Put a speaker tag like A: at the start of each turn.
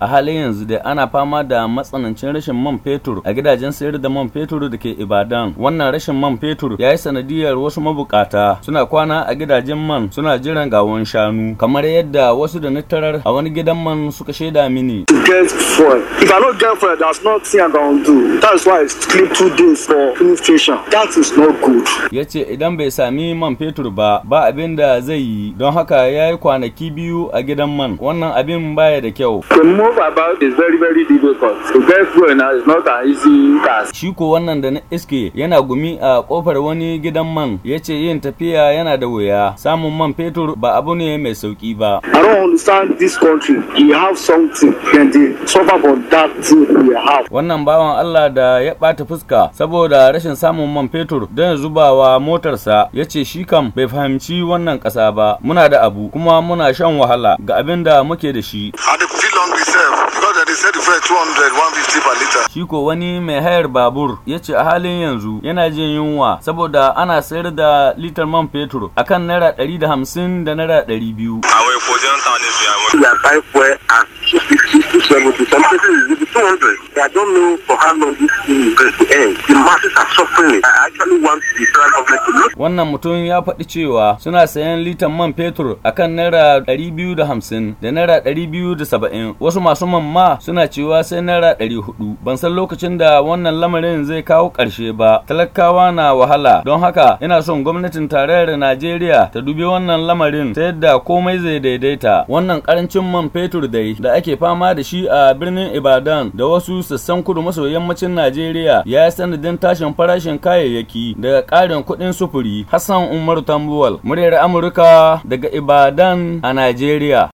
A: a halin yanzu dai ana fama da matsanancin rashin man fetur a gidajen sayar da man fetur da ke ibadan wannan rashin man fetur ya yi sanadiyar wasu mabukata suna kwana a gidajen man suna jiran gawon shanu kamar yadda wasu da tarar a wani gidan man suka shaida mini get fuel if is not good ya ce idan bai sami man fetur ba ba abin da zai yi don haka ya yi kwanaki biyu a gidan man wannan abin baya da kyau move about is very very difficult. To get through and it's not an easy task. Shi ko wannan da na iske yana gumi a kofar wani gidan man ya ce yin tafiya yana da wuya samun man fetur ba abu ne mai sauki ba. I don't understand this country. You have something and they suffer for that thing we have. Wannan bawan Allah da ya bata fuska saboda rashin samun man fetur don zubawa motarsa ya ce shi kam bai fahimci wannan kasa ba. Muna da abu kuma muna shan wahala ga abin da muke da shi. said the fare per liter shi wani mai hayar babur ya ce a halin yanzu yana jin yunwa saboda ana sayar da litar man fetur akan naira 150 da naira 200 a wai ta ne su ya wannan mutum ya faɗi cewa suna sayan litan man fetur akan naira 250 da naira 270 wasu masu man suna cewa sai naira ɗari hudu ban san lokacin da wannan lamarin zai kawo ƙarshe ba talakawa na wahala don haka ina son gwamnatin tarayyar najeriya ta dubi wannan lamarin ta yadda komai zai daidaita wannan ƙarancin man fetur dai da ake fama da shi a birnin ibadan da wasu sassan kudu maso yammacin najeriya ya yi sanadin tashin farashin kayayyaki daga ƙarin kuɗin sufuri hassan umaru tambuwal muryar amurka daga ibadan a najeriya